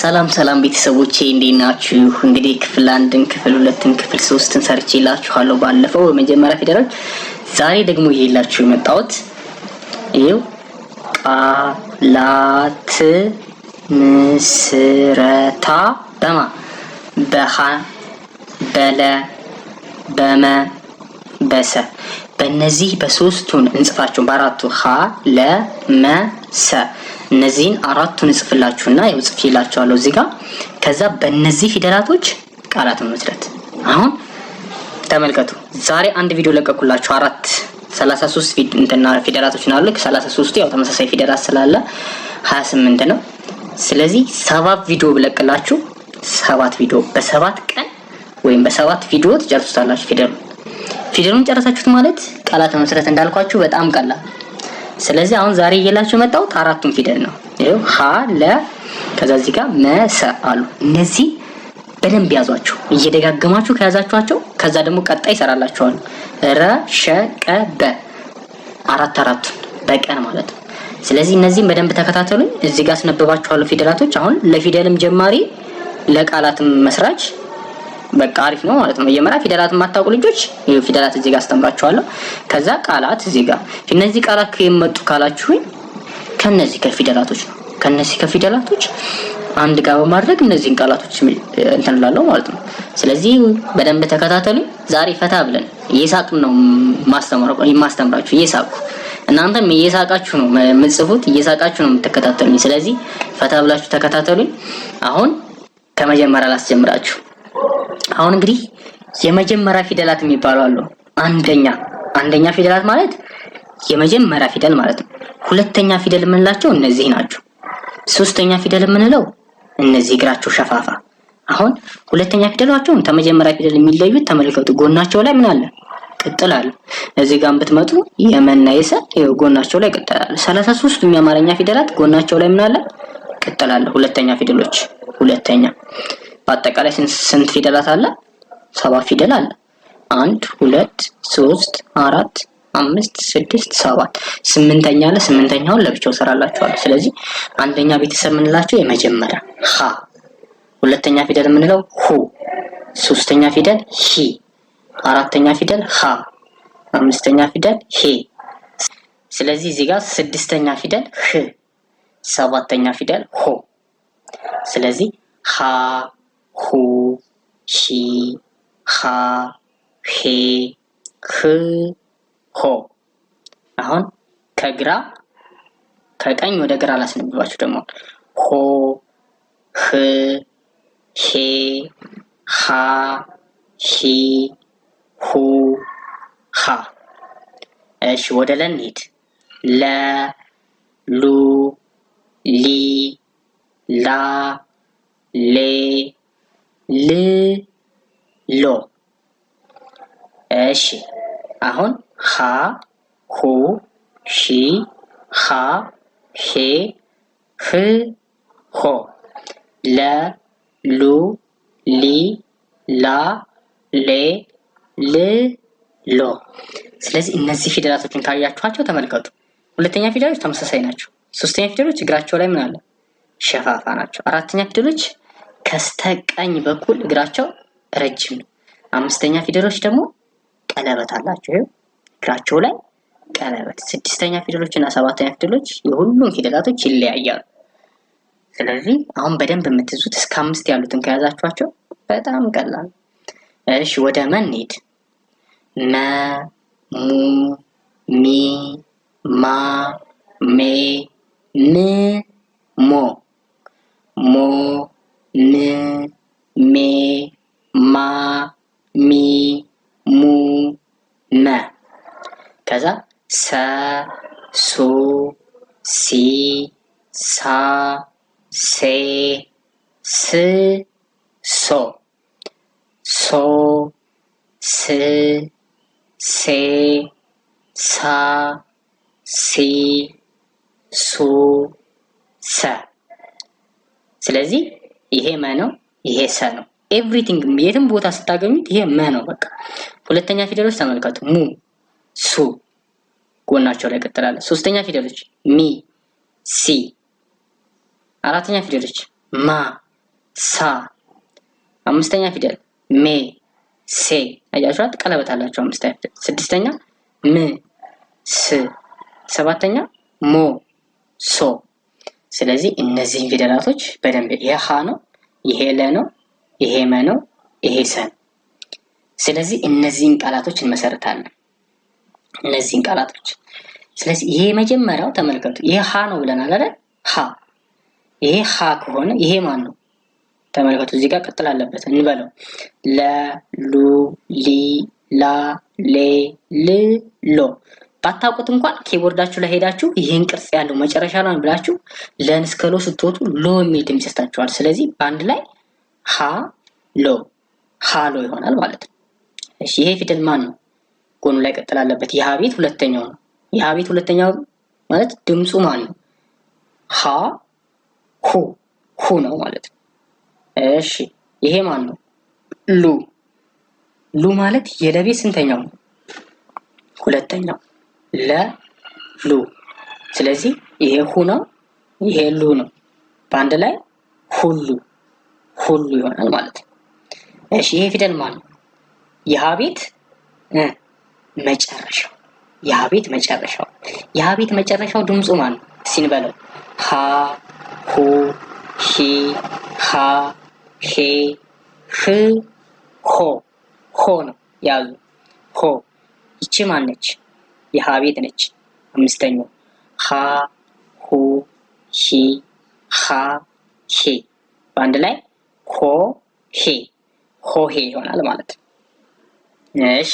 ሰላም ሰላም ቤተሰቦቼ እንዴት ናችሁ? እንግዲህ ክፍል አንድን፣ ክፍል ሁለትን፣ ክፍል ሶስትን ሰርቼላችኋለሁ ባለፈው በመጀመሪያ ፊደሎች። ዛሬ ደግሞ ይሄላችሁ የመጣሁት ይኸው ቃላት ምስረታ በማ በሃ በለ በመ በሰ በእነዚህ በሶስቱን እንጽፋቸውን በአራቱ ሃ ለ መ ሰ እነዚህን አራቱን እጽፍላችሁና ያው ጽፌላችኋለሁ እዚህ ጋር። ከዛ በእነዚህ ፊደላቶች ቃላትን መስረት። አሁን ተመልከቱ። ዛሬ አንድ ቪዲዮ ለቀኩላችሁ አራት 33 ፊደላቶች ነው ከ 33 ያው ተመሳሳይ ፊደላት ስላለ 28 ነው። ስለዚህ ሰባት ቪዲዮ ብለቅላችሁ ሰባት ቪዲዮ በሰባት ቀን ወይም በሰባት ቪዲዮ ትጨርሱታላችሁ። ፊደሉ ፊደሉን ጨረሳችሁት ማለት ቃላት መመስረት እንዳልኳችሁ በጣም ቀላል ስለዚህ አሁን ዛሬ እየላችሁ መጣሁት አራቱን ፊደል ነው። ይኸው ሀ ለ ከዛ እዚህ ጋር መሰ አሉ። እነዚህ በደንብ ያዟቸው፣ እየደጋገማችሁ ከያዛችኋቸው ከዛ ደግሞ ቀጣይ ይሰራላችኋል። ረ ሸ ቀ በ አራት አራቱን በቀን ማለት ነው። ስለዚህ እነዚህን በደንብ ተከታተሉኝ። እዚህ ጋር አስነብባችኋለሁ ፊደላቶች። አሁን ለፊደልም ጀማሪ ለቃላትም መስራች በቃ አሪፍ ነው ማለት ነው። መጀመሪያ ፊደላት የማታውቁ ልጆች ፊደላት እዚህ ጋር አስተምራችኋለሁ። ከዛ ቃላት እዚህ ጋር እነዚህ ቃላት ከየመጡ ካላችሁኝ ከነዚህ ከፊደላቶች ነው። ከነዚህ ከፊደላቶች አንድ ጋር በማድረግ እነዚህን ቃላቶች እንትን ማለት ነው። ስለዚህ በደንብ ተከታተሉ። ዛሬ ፈታ ብለን እየሳቅን ነው የማስተምራችሁ። እየሳቁ እናንተም እየሳቃችሁ ነው የምትጽፉት፣ እየሳቃችሁ ነው የምትከታተሉኝ። ስለዚህ ፈታ ብላችሁ ተከታተሉኝ። አሁን ከመጀመሪያ ላስጀምራችሁ። አሁን እንግዲህ የመጀመሪያ ፊደላት የሚባሉ አሉ። አንደኛ አንደኛ ፊደላት ማለት የመጀመሪያ ፊደል ማለት ነው። ሁለተኛ ፊደል የምንላቸው እነዚህ ናቸው። ሶስተኛ ፊደል የምንለው እነዚህ እግራቸው ሸፋፋ። አሁን ሁለተኛ ፊደላቸውን ከመጀመሪያ ፊደል የሚለዩት ተመልከቱ። ጎናቸው ላይ ምን አለ? ቅጥል አለ። እዚህ ጋር ብትመጡ የመና የሰ ጎናቸው ላይ ቅጥል አለ። ሰላሳ ሶስቱም የአማርኛ ፊደላት ጎናቸው ላይ ምን አለ? ቅጥል አለ። ሁለተኛ ፊደሎች ሁለተኛ በአጠቃላይ ስንት ፊደላት አለ? ሰባ ፊደል አለ። አንድ ሁለት ሶስት አራት አምስት ስድስት ሰባት ስምንተኛ አለ። ስምንተኛውን ለብቻው ሰራላችኋለሁ። ስለዚህ አንደኛ ቤተሰብ የምንላቸው የመጀመሪያ ሀ፣ ሁለተኛ ፊደል የምንለው ሁ፣ ሶስተኛ ፊደል ሂ፣ አራተኛ ፊደል ሀ፣ አምስተኛ ፊደል ሄ። ስለዚህ እዚህ ጋር ስድስተኛ ፊደል ህ፣ ሰባተኛ ፊደል ሆ። ስለዚህ ሀ 呼、吸、哈、ሄ፣ ህ፣ ሆ። አሁን ከግራ ከቀኝ ወደ ግራ ላስነብባችሁ ደግሞ ሆ፣ ህ፣ ሄ፣ ሃ፣ ሂ፣ ሁ፣ ሃ። እሺ ወደ ለ እንሂድ። ለ፣ ሉ፣ ሊ፣ ላ፣ ሌ ልሎ እሺ አሁን ሀ ሁ ሺ ሃ ሄ ህ ሆ ለ ሉ ሊ ላ ሌ ል ሎ ስለዚህ እነዚህ ፊደላቶችን ካያችኋቸው ተመልከቱ። ሁለተኛ ፊደሎች ተመሳሳይ ናቸው። ሶስተኛ ፊደሎች እግራቸው ላይ ምን አለ? ሸፋፋ ናቸው። አራተኛ ፊደሎች ከስተቀኝ በኩል እግራቸው ረጅም ነው። አምስተኛ ፊደሎች ደግሞ ቀለበት አላቸው። ይኸው እግራቸው ላይ ቀለበት። ስድስተኛ ፊደሎች እና ሰባተኛ ፊደሎች የሁሉም ፊደላቶች ይለያያሉ። ስለዚህ አሁን በደንብ የምትይዙት እስከ አምስት ያሉትን ከያዛችኋቸው በጣም ቀላል። እሺ ወደ መን ሄድ መ ሙ ሚ ማ ሜ ን ሞ ሞ ን ሜ ማ ሚ ሙ መ ከዛ ሰ ሱ ሲ ሳ ሴ ስ ሶ ሶ ስ ሴ ሳ ሲ ሱ ሰ ስለዚህ ይሄ መ ነው፣ ይሄ ሰ ነው። ኤቭሪቲንግ የትም ቦታ ስታገኙት ይሄ መ ነው። በቃ ሁለተኛ ፊደሎች ተመልከቱ። ሙ፣ ሱ ጎናቸው ላይ ቀጥላለ። ሶስተኛ ፊደሎች ሚ፣ ሲ። አራተኛ ፊደሎች ማ፣ ሳ። አምስተኛ ፊደል ሜ፣ ሴ። አያችኋት? ቀለበት አላቸው። አምስተኛ ፊደል። ስድስተኛ ም፣ ስ። ሰባተኛ ሞ፣ ሶ ስለዚህ እነዚህን ፊደላቶች በደንብ ይሄ ሀ ነው፣ ይሄ ለ ነው፣ ይሄ መ ነው፣ ይሄ ሰ ነው። ስለዚህ እነዚህን ቃላቶች እንመሰርታለን። እነዚህን ቃላቶች ስለዚህ ይሄ መጀመሪያው ተመልከቱ። ይሄ ሀ ነው ብለናል አይደል? ሀ ይሄ ሀ ከሆነ ይሄ ማን ነው? ተመልከቱ። እዚህ ጋር ቅጥል አለበት እንበለው። ለ ሉ ሊ ላ ሌ ል ሎ ባታውቁት እንኳን ኬቦርዳችሁ ላይ ሄዳችሁ ይህን ቅርጽ ያለው መጨረሻ ነው ብላችሁ ለንስከሎ ስትወጡ ሎ የሚል ድምጽ ይሰጣችኋል። ስለዚህ በአንድ ላይ ሀ ሎ ሎ ይሆናል ማለት ነው። እሺ ይሄ ፊደል ማን ነው? ጎኑ ላይ ቀጥል አለበት። የሀ ቤት ሁለተኛው ነው። የሀ ቤት ሁለተኛው ማለት ድምፁ ማን ነው? ሀ ሁ ሁ ነው ማለት ነው። እሺ ይሄ ማን ነው? ሉ ሉ ማለት የለቤት ስንተኛው ነው? ሁለተኛው ለሉ ስለዚህ ይሄ ሁ ነው፣ ይሄ ሉ ነው። በአንድ ላይ ሁሉ ሁሉ ይሆናል ማለት ነው። እሺ ይሄ ፊደል ማን ነው? የሀ ቤት መጨረሻው የሀ ቤት መጨረሻው የሀ ቤት መጨረሻው ድምፁ ማን ነው? ሲንበለው ሀ ሁ ሂ ሃ ሄ ህ ሆ ሆ ነው ያሉ ሆ ይቺ ማነች? የሃ ቤት ነች። አምስተኛው ሃ ሁ ሂ ሃ ሄ በአንድ ላይ ሆ ሄ ሆሄ ይሆናል ማለት ነው። እሺ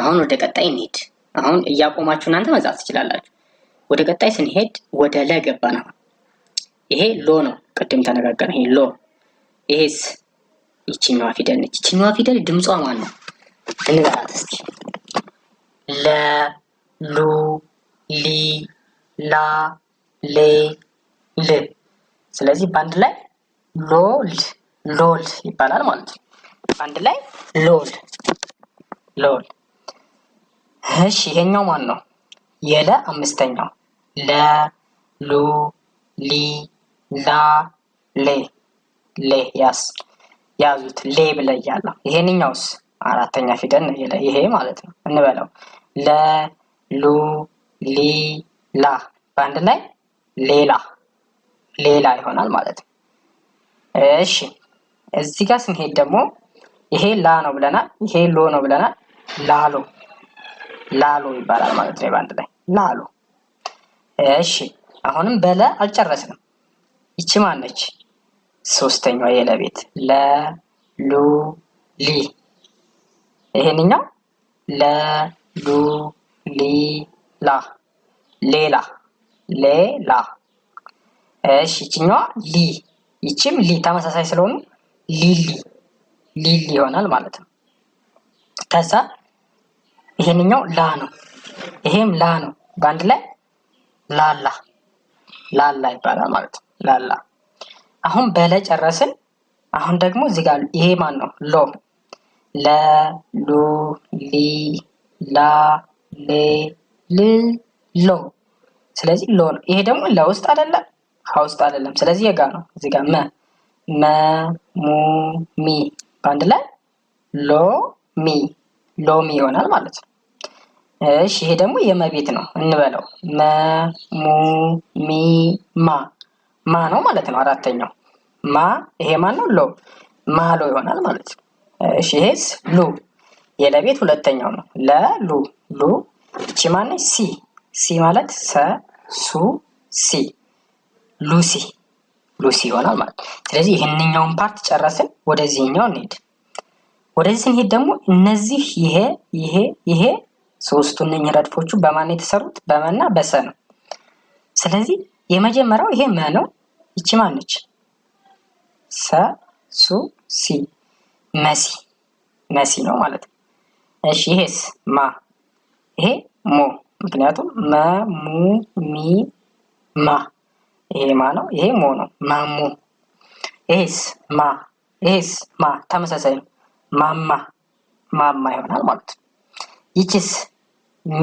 አሁን ወደ ቀጣይ እንሄድ። አሁን እያቆማችሁ እናንተ መጻፍ ትችላላችሁ። ወደ ቀጣይ ስንሄድ ወደ ለ ገባ አሁን ይሄ ሎ ነው፣ ቅድም ተነጋገር ይሄ ሎ። ይሄስ ይችኛዋ ፊደል ነች። ይችኛዋ ፊደል ድምጿ ማን ነው? እንበራት እስኪ ለ ሉ ሊ ላ ሌ ል ስለዚህ በአንድ ላይ ሎል ሎል ይባላል ማለት ነው። በአንድ ላይ ሎል ሎል። እሺ ይሄኛው ማን ነው? የለ አምስተኛው ለ ሉ ሊ ላ ሌ ሌ ያስ ያዙት ሌ ብለህ ይሄንኛውስ አራተኛ ፊደል ነው ይሄ ማለት ነው እንበለው ለ ሉ ሊ ላ በአንድ ላይ ሌላ ሌላ ይሆናል ማለት ነው። እሺ እዚህ ጋር ስንሄድ ደግሞ ይሄ ላ ነው ብለናል፣ ይሄ ሎ ነው ብለናል። ላሎ ላሎ ይባላል ማለት ነው በአንድ ላይ ላሎ። እሺ አሁንም በለ አልጨረስንም። ይቺ ማን ነች? የለ የለቤት ለ ሉ ሊ ይሄንኛው ለ ሉ ሊላ ሌላ ሌላ። እሺ ይችኛዋ ሊ ይችም ሊ ተመሳሳይ ስለሆኑ ሊሊ ሊሊ ይሆናል ማለት ነው። ከዛ ይሄንኛው ላ ነው፣ ይሄም ላ ነው። በአንድ ላይ ላላ ላላ ይባላል ማለት ነው። ላላ አሁን በለ ጨረስን። አሁን ደግሞ እዚህ ጋር ይሄ ማን ነው? ሎ ለ ሉ ሊ ላ ሌ ሎ። ስለዚህ ሎ ነው። ይሄ ደግሞ ለውስጥ አይደለም ሀ ውስጥ አይደለም። ስለዚህ የጋ ነው። እዚህ ጋር መ መ ሙ ሚ በአንድ ላይ ሎ ሚ ሎሚ ይሆናል ማለት ነው። እሺ ይሄ ደግሞ የመቤት ነው እንበለው። መ ሙ ሚ ማ ማ ነው ማለት ነው። አራተኛው ማ ይሄ ማ ነው? ሎ ማ ሎ ይሆናል ማለት ነው። እሺ ይሄስ ሉ የለቤት ሁለተኛው ነው። ለሉ ሉ እቺ ማነች? ሲ ሲ ማለት ሰ ሱ ሲ ሉሲ ሉሲ ይሆናል ማለት ነው። ስለዚህ ይህንኛውን ፓርት ጨረስን። ወደዚህኛው እንሄድ። ወደዚህ ስንሄድ ደግሞ እነዚህ ይሄ ይሄ ይሄ ሶስቱ እነኝህ ረድፎቹ በማን የተሰሩት? በመና በሰ ነው። ስለዚህ የመጀመሪያው ይሄ መ ነው። ይቺ ማነች? ሰ ሱ ሲ መሲ መሲ ነው ማለት ነው። እሺ ይሄስ ማ ይሄ ሞ ምክንያቱም መሙ ሚ ማ ይሄ ማ ነው። ይሄ ሞ ነው። መሙ ኤስ ማ ኤስ ማ ተመሳሳይ ነው። ማማ ማማ ይሆናል ማለት ነው። ይችስ ሚ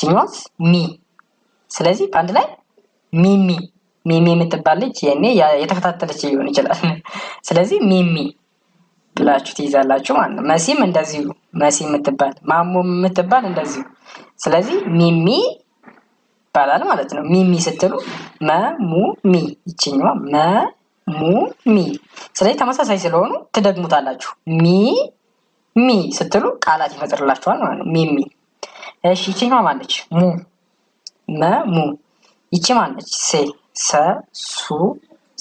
ችኛዋስ ሚ። ስለዚህ በአንድ ላይ ሚሚ ሚሚ የምትባል ልጅ የኔ የተከታተለች ሊሆን ይችላል። ስለዚህ ሚሚ ብላችሁ ትይዛላችሁ ማለት ነው። መሲም እንደዚሁ መሲ የምትባል ማሞም የምትባል እንደዚሁ። ስለዚህ ሚሚ ይባላል ማለት ነው። ሚሚ ስትሉ መሙ ሚ ይችኛዋ መሙ ሚ። ስለዚህ ተመሳሳይ ስለሆኑ ትደግሙታላችሁ። ሚ ሚ ስትሉ ቃላት ይፈጥርላችኋል ማለት ነው። ሚሚ። እሺ ይችኛዋ ማለች ሙ መሙ። ይቺ ማለች ሴ ሰ ሱ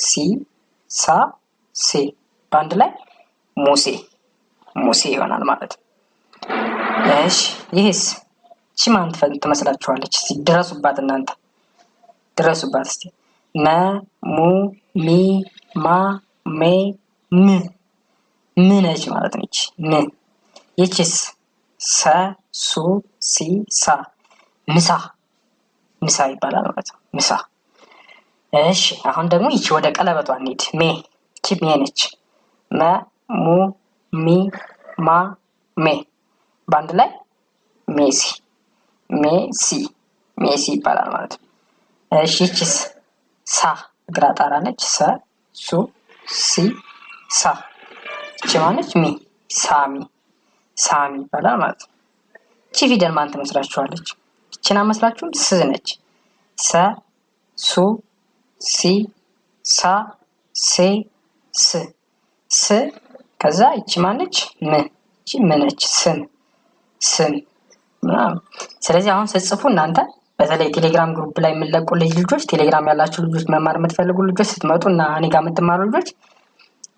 ሲ ሳ ሴ በአንድ ላይ ሙሴ ሙሴ ይሆናል ማለት ነው። እሺ ይህስ ቺ ማን ትመስላችኋለች? ድረሱባት፣ እናንተ ድረሱባት እስቲ መ ሙ ሚ ማ ሜ ም ም ነች ማለት ነች። ም ይችስ ሰ ሱ ሲ ሳ ምሳ ምሳ ይባላል ማለት ነው። ምሳ እሺ። አሁን ደግሞ ይቺ ወደ ቀለበቷ እንሂድ። ሜ ቺ ሜ ነች መ ሙ ሚ ማ ሜ በአንድ ላይ ሜሲ ሜሲ ሜሲ ይባላል ማለት ነው። እሺ ቺስ ሳ እግራ ጣራ ነች። ሰ ሱ ሲ ሳ እቺ ማነች? ሚ ሳሚ ሳሚ ይባላል ማለት ነው። እቺ ፊደል ማን ትመስላችኋለች? እችን አመስላችሁም ስ ነች። ሰ ሱ ሲ ሳ ሴ ስ ስ ከዛ ይቺ ማነች? ምን ይቺ ምነች? ስም ስም ምናምን። ስለዚህ አሁን ስትጽፉ እናንተ በተለይ ቴሌግራም ግሩፕ ላይ የምንለቁልኝ ልጆች፣ ቴሌግራም ያላችሁ ልጆች፣ መማር የምትፈልጉ ልጆች ስትመጡ እና እኔ ጋር የምትማሩ ልጆች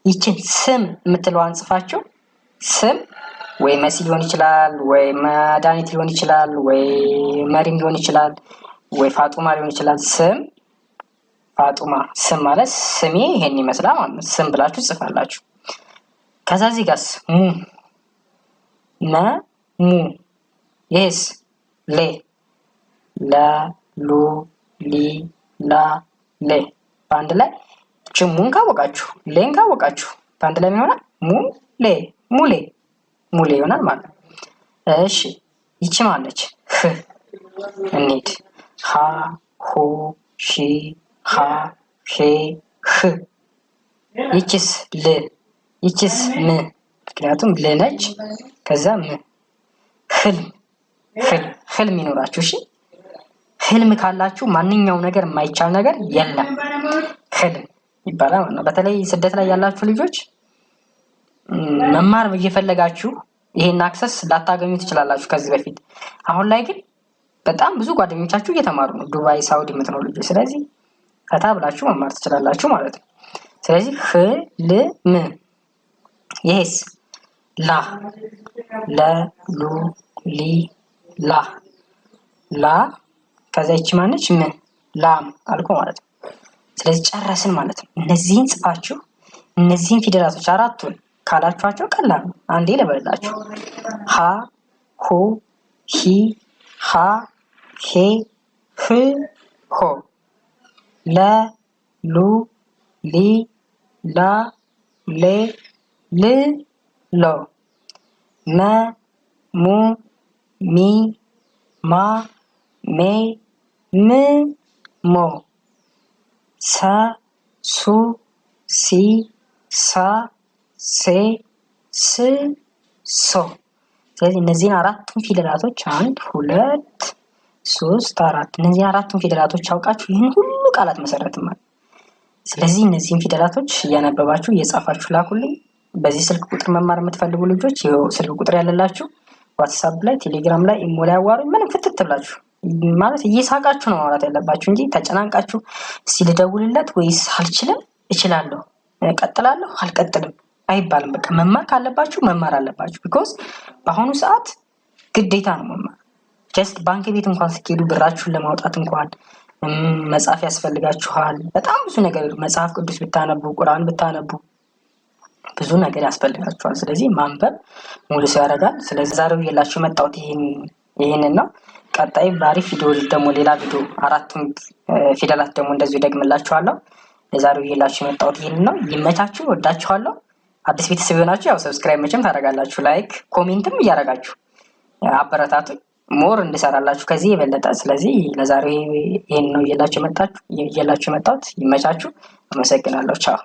ይችን ስም የምትለው አንጽፋችሁ ስም ወይ መሲ ሊሆን ይችላል፣ ወይ መድኃኒት ሊሆን ይችላል፣ ወይ መሪም ሊሆን ይችላል፣ ወይ ፋጡማ ሊሆን ይችላል። ስም ፋጡማ ስም ማለት ስሜ ይሄን ይመስላል ማለት ስም ብላችሁ ጽፋላችሁ። ከዛ እዚህ ጋርስ ሙ መ ሙ ይህስ ሌ ለ ሉ ሊ ላ ሌ በአንድ ላይ ች ሙን ካወቃችሁ ሌን ካወቃችሁ በአንድ ላይ ይሆናል? ሙ ሌ ሙሌ ሙሌ ይሆናል ማለት ነው። እሺ ይቺ ማለች ህ እንሂድ ሀ ሁ ሺ ሀ ሄ ህ ይቺስ ል ይችስ ም ምክንያቱም ልነች ከዛ ም ህልም ህልም ህልም ይኖራችሁ። እሺ ህልም ካላችሁ ማንኛው ነገር የማይቻል ነገር የለም ህልም ይባላል ማለት ነው። በተለይ ስደት ላይ ያላችሁ ልጆች መማር እየፈለጋችሁ ይሄን አክሰስ ላታገኙ ትችላላችሁ ከዚህ በፊት። አሁን ላይ ግን በጣም ብዙ ጓደኞቻችሁ እየተማሩ ነው፣ ዱባይ፣ ሳውዲ የምትኖሩ ልጆች። ስለዚህ ፈታ ብላችሁ መማር ትችላላችሁ ማለት ነው። ስለዚህ ህልም ይሄስ ላ ለ ሉ ሊ ላ ላ ከዛ ይቺ ማነች? ምን ላም አልኩ ማለት ነው። ስለዚህ ጨረስን ማለት ነው። እነዚህን ጽፋችሁ እነዚህን ፊደላቶች አራቱን ካላችኋቸው ቀላል ነው። አንዴ ለበላችሁ ሀ ሁ ሂ ሃ ሄ ህ ሆ ለ ሉ ሊ ላ ሌ ል ሎ መ ሙ ሚ ማ ሜ ም ሞ ሰ ሱ ሲ ሳ ሴ ስ ሶ። ስለዚህ እነዚህን አራቱን ፊደላቶች አንድ ሁለት ሶስት አራት እነዚህን አራቱን ፊደላቶች አውቃችሁ ይህን ሁሉ ቃላት መሰረት ማለት። ስለዚህ እነዚህን ፊደላቶች እያነበባችሁ እየጻፋችሁ ላኩልኝ። በዚህ ስልክ ቁጥር መማር የምትፈልጉ ልጆች ይኸው ስልክ ቁጥር ያለላችሁ ዋትሳፕ ላይ፣ ቴሌግራም ላይ፣ ኢሞ ላይ አዋሩ። ምንም ፍትት ብላችሁ ማለት እየሳቃችሁ ነው ማውራት ያለባችሁ እንጂ ተጨናንቃችሁ ሲልደውልለት ወይስ አልችልም፣ እችላለሁ፣ ቀጥላለሁ፣ አልቀጥልም አይባልም። በቃ መማር ካለባችሁ መማር አለባችሁ። ቢኮዝ በአሁኑ ሰዓት ግዴታ ነው መማር። ጀስት ባንክ ቤት እንኳን ስትሄዱ ብራችሁን ለማውጣት እንኳን መጽሐፍ ያስፈልጋችኋል። በጣም ብዙ ነገር መጽሐፍ ቅዱስ ብታነቡ፣ ቁርአን ብታነቡ ብዙ ነገር ያስፈልጋቸዋል። ስለዚህ ማንበብ ሙሉ ሰው ያደርጋል። ስለዚህ ዛሬው የላችሁ የመጣሁት ይህንን ነው። ቀጣይ በአሪፍ ቪዲዮ ደግሞ ሌላ ቪዲዮ አራት ፊደላት ደግሞ እንደዚሁ ደግምላችኋለሁ። የዛሬው የላችሁ የመጣሁት ይህንን ነው። ይመቻችሁ። ወዳችኋለሁ። አዲስ ቤተሰብ የሆናችሁ ያው ሰብስክራይብ መቼም ታደርጋላችሁ፣ ላይክ ኮሜንትም እያደረጋችሁ አበረታቱ ሞር እንድሰራላችሁ ከዚህ የበለጠ። ስለዚህ ለዛሬው ይህን ነው እየላችሁ የመጣሁት። ይመቻችሁ። አመሰግናለሁ። ቻው